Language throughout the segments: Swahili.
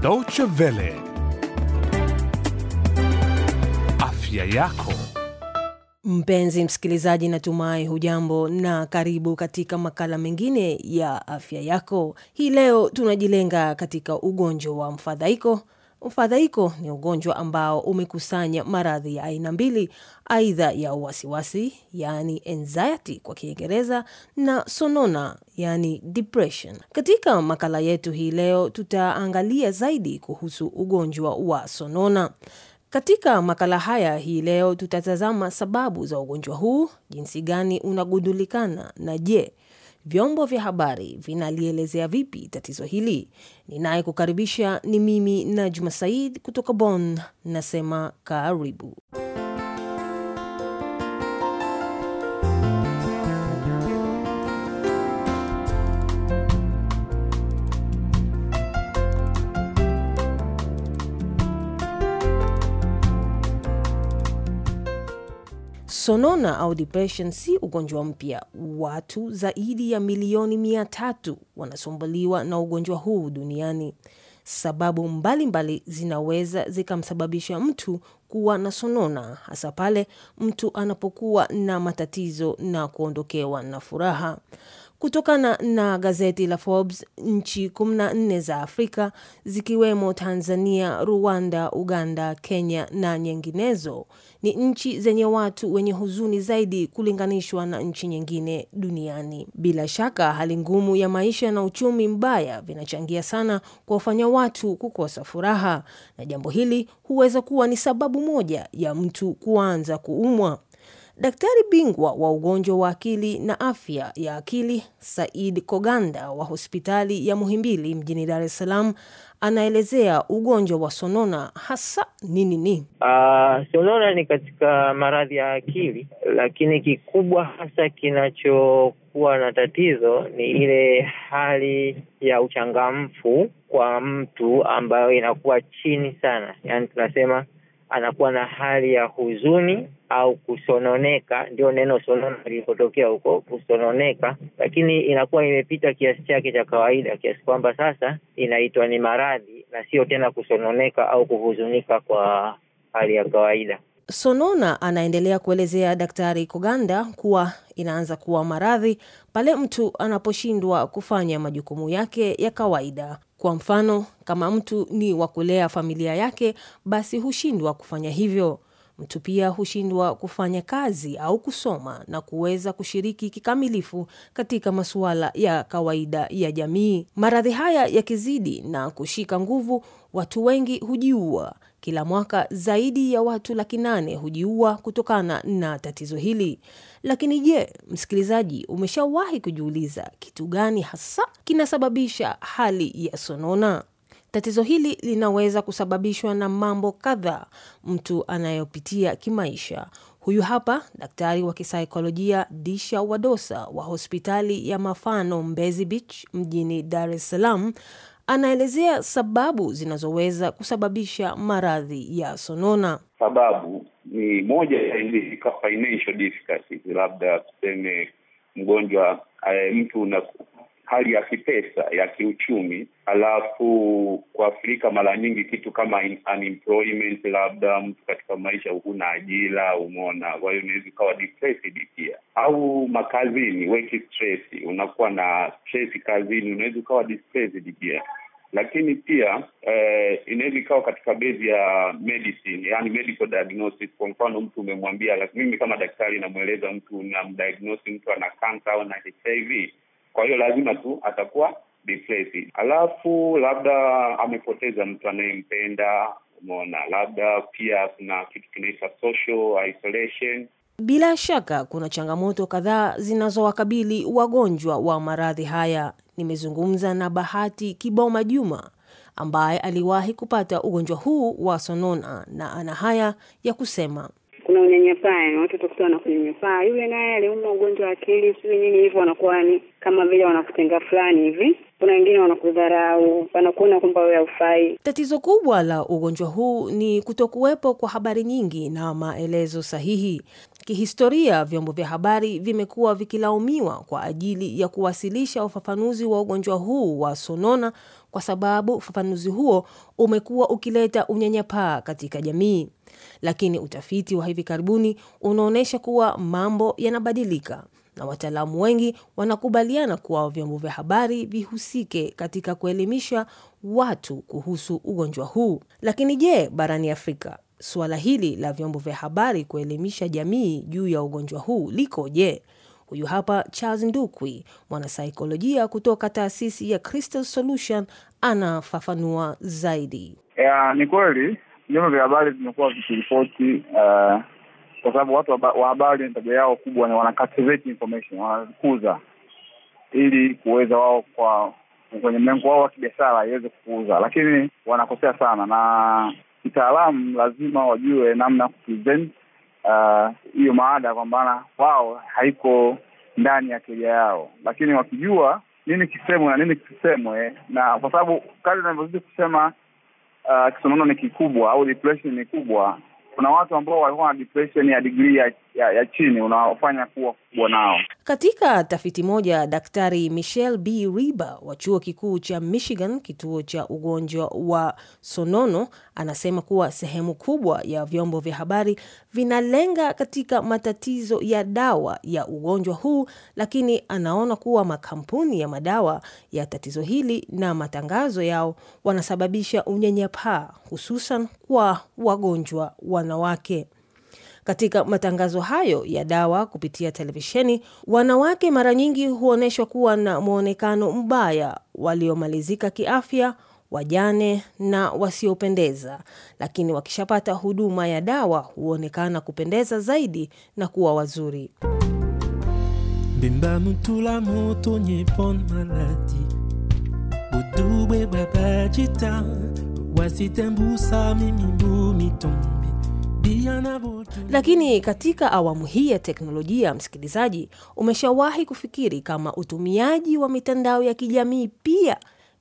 Deutsche Welle. Afya yako. Mpenzi msikilizaji, natumai hujambo na karibu katika makala mengine ya afya yako. Hii leo tunajilenga katika ugonjwa wa mfadhaiko Mfadhaiko ni ugonjwa ambao umekusanya maradhi ya aina mbili, aidha ya wasiwasi, yaani anxiety kwa Kiingereza, na sonona, yaani depression. Katika makala yetu hii leo, tutaangalia zaidi kuhusu ugonjwa wa sonona. Katika makala haya hii leo tutatazama sababu za ugonjwa huu, jinsi gani unagundulikana na je, vyombo vya habari vinalielezea vipi tatizo hili? kukaribisha ni mimi Najma Said kutoka bon nasema karibu. Sonona au depression si ugonjwa mpya. Watu zaidi ya milioni mia tatu wanasumbuliwa na ugonjwa huu duniani. Sababu mbalimbali mbali zinaweza zikamsababisha mtu kuwa na sonona, hasa pale mtu anapokuwa na matatizo na kuondokewa na furaha. Kutokana na gazeti la Forbes, nchi 14 za Afrika zikiwemo Tanzania, Rwanda, Uganda, Kenya na nyinginezo ni nchi zenye watu wenye huzuni zaidi kulinganishwa na nchi nyingine duniani. Bila shaka, hali ngumu ya maisha na uchumi mbaya vinachangia sana kuwafanya watu kukosa furaha, na jambo hili huweza kuwa ni sababu moja ya mtu kuanza kuumwa. Daktari bingwa wa ugonjwa wa akili na afya ya akili Said Koganda wa hospitali ya Muhimbili mjini Dar es Salaam anaelezea ugonjwa wa sonona hasa nini ni. Uh, sonona ni katika maradhi ya akili, lakini kikubwa hasa kinachokuwa na tatizo ni ile hali ya uchangamfu kwa mtu ambayo inakuwa chini sana, yaani tunasema anakuwa na hali ya huzuni au kusononeka, ndio neno sonona lilipotokea huko, kusononeka, lakini inakuwa imepita kiasi chake cha kawaida, kiasi kwamba sasa inaitwa ni maradhi na sio tena kusononeka au kuhuzunika kwa hali ya kawaida. Sonona anaendelea kuelezea Daktari Koganda kuwa inaanza kuwa maradhi pale mtu anaposhindwa kufanya majukumu yake ya kawaida. Kwa mfano, kama mtu ni wa kulea familia yake, basi hushindwa kufanya hivyo. Mtu pia hushindwa kufanya kazi au kusoma na kuweza kushiriki kikamilifu katika masuala ya kawaida ya jamii. Maradhi haya yakizidi na kushika nguvu, watu wengi hujiua. Kila mwaka zaidi ya watu laki nane hujiua kutokana na tatizo hili. Lakini je, msikilizaji, umeshawahi kujiuliza kitu gani hasa kinasababisha hali ya sonona? Tatizo hili linaweza kusababishwa na mambo kadhaa mtu anayopitia kimaisha. Huyu hapa daktari wa kisaikolojia Disha Wadosa wa hospitali ya Mafano Mbezi Beach mjini Dar es Salaam anaelezea sababu zinazoweza kusababisha maradhi ya sonona. Sababu ni moja ya hizi financial difficulties, labda tuseme mgonjwa eh, mtu hali ya kipesa ya kiuchumi. Alafu kwa Afrika mara nyingi kitu kama unemployment, labda mtu katika maisha huna ajira, umeona. Kwa hiyo unaweza ukawa depressed pia, au makazini, work stress, unakuwa na stress kazini, unaweza ukawa depressed pia lakini pia eh, inaweza ikawa katika bezi ya medicine, yani medical diagnosis. Kwa mfano mtu umemwambia, mimi kama daktari namweleza mtu namdiagnosi mtu ana kansa au na HIV, kwa hiyo lazima tu atakuwa depressed. Alafu labda amepoteza mtu anayempenda, umeona, labda pia kuna kitu kinaitwa social isolation. Bila shaka kuna changamoto kadhaa zinazowakabili wagonjwa wa maradhi haya. Nimezungumza na Bahati Kiboma Juma ambaye aliwahi kupata ugonjwa huu wa sonona na ana haya ya kusema kuna unyanyapaa, yani watu utakuta wanakunyanyapaa, yule naye aliumwa ugonjwa wa akili sijui nini hivyo, wanakuwa ni kama vile wanakutenga fulani hivi. Kuna wengine wanakudharau, wanakuona kwamba wewe haufai. Tatizo kubwa la ugonjwa huu ni kutokuwepo kwa habari nyingi na maelezo sahihi. Kihistoria, vyombo vya habari vimekuwa vikilaumiwa kwa ajili ya kuwasilisha ufafanuzi wa ugonjwa huu wa sonona, kwa sababu ufafanuzi huo umekuwa ukileta unyanyapaa katika jamii lakini utafiti wa hivi karibuni unaonyesha kuwa mambo yanabadilika na wataalamu wengi wanakubaliana kuwa vyombo vya habari vihusike katika kuelimisha watu kuhusu ugonjwa huu. Lakini je, barani Afrika suala hili la vyombo vya habari kuelimisha jamii juu ya ugonjwa huu likoje? Huyu hapa Charles Ndukwi, mwanasaikolojia kutoka taasisi ya Crystal Solution, anafafanua zaidi. ya ni kweli vyombo vya habari vimekuwa vikiripoti uh, kwa sababu watu wa habari ni tabia yao kubwa, ni wana captivate information, wanakuza ili kuweza wao kwa kwenye mlengo wao wa kibiashara iweze kukuuza, lakini wanakosea sana, na kitaalamu lazima wajue namna ya kupresent eh, hiyo uh, maada, kwa maana wao haiko ndani ya keria yao, lakini wakijua nini kisemwe na nini kisemwe, na kwa sababu kazi inavyozidi kusema uh, kisonono ni kikubwa au depression ni kubwa, kuna watu ambao walikuwa na depression ya degree ya, ya, ya chini, unaofanya kuwa kubwa nao. Katika tafiti moja, Daktari michel B. Riba wa chuo kikuu cha Michigan, kituo cha ugonjwa wa sonono, anasema kuwa sehemu kubwa ya vyombo vya habari vinalenga katika matatizo ya dawa ya ugonjwa huu, lakini anaona kuwa makampuni ya madawa ya tatizo hili na matangazo yao wanasababisha unyanyapaa, hususan kwa wagonjwa wanawake. Katika matangazo hayo ya dawa kupitia televisheni, wanawake mara nyingi huonyeshwa kuwa na mwonekano mbaya, waliomalizika kiafya, wajane na wasiopendeza, lakini wakishapata huduma ya dawa huonekana kupendeza zaidi na kuwa wazuri. Lakini katika awamu hii ya teknolojia, msikilizaji, umeshawahi kufikiri kama utumiaji wa mitandao ya kijamii pia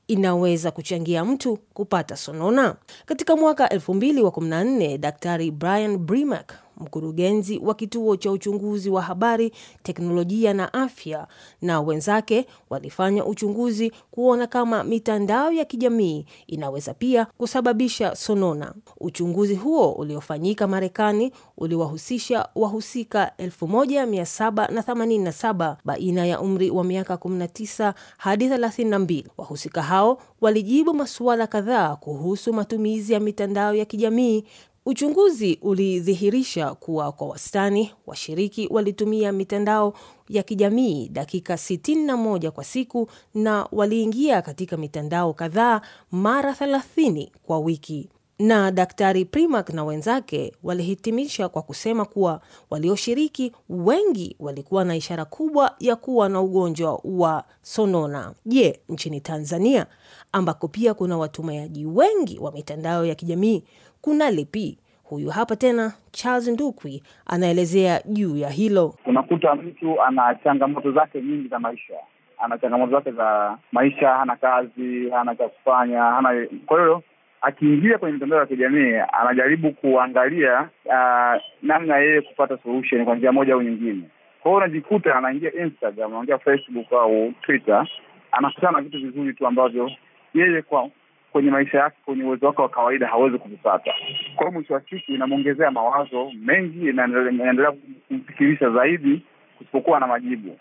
inaweza kuchangia mtu kupata sonona? Katika mwaka 2014 Daktari Brian Brimack mkurugenzi wa kituo cha uchunguzi wa habari, teknolojia na afya, na wenzake walifanya uchunguzi kuona kama mitandao ya kijamii inaweza pia kusababisha sonona. Uchunguzi huo uliofanyika Marekani uliwahusisha wahusika 1787 baina ya umri wa miaka 19 hadi 32. Wahusika hao walijibu masuala kadhaa kuhusu matumizi ya mitandao ya kijamii Uchunguzi ulidhihirisha kuwa kwa wastani washiriki walitumia mitandao ya kijamii dakika 61 kwa siku na waliingia katika mitandao kadhaa mara 30 kwa wiki na Daktari Primak na wenzake walihitimisha kwa kusema kuwa walioshiriki wengi walikuwa na ishara kubwa ya kuwa na ugonjwa wa sonona. Je, nchini Tanzania ambako pia kuna watumiaji wengi wa mitandao ya kijamii kuna lipi? Huyu hapa tena Charles Ndukwi anaelezea juu ya hilo. Unakuta mtu ana changamoto zake nyingi za maisha ana changamoto zake za maisha, hana kazi, hana cha kufanya, hana. Kwa hiyo akiingia kwenye mitandao ya kijamii anajaribu kuangalia uh, namna yeye kupata solution kwa njia moja au nyingine. Kwa hiyo unajikuta anaingia Instagram, anaingia Facebook au Twitter, anakutana na vitu vizuri tu ambavyo yeye kwa kwenye maisha yake, kwenye uwezo wake wa kawaida hawezi kuvipata. Kwa hiyo mwisho wa siku inamwongezea mawazo mengi, inaendelea kumfikirisha zaidi kusipokuwa na majibu.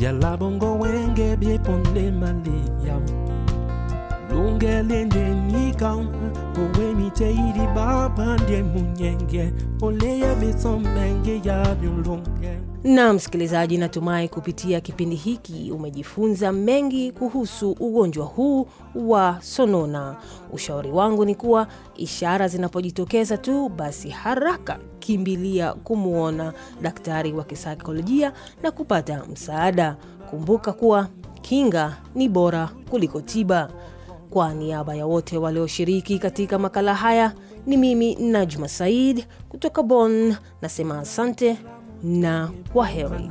Byalabongo wenge yao lungelende munyenge oleya na msikilizaji, natumai kupitia kipindi hiki umejifunza mengi kuhusu ugonjwa huu wa sonona. Ushauri wangu ni kuwa ishara zinapojitokeza tu, basi haraka kimbilia kumwona daktari wa kisaikolojia na kupata msaada. Kumbuka kuwa kinga ni bora kuliko tiba. Kwa niaba ya wote walioshiriki katika makala haya, ni mimi Najma Said kutoka bon nasema asante na kwa heri.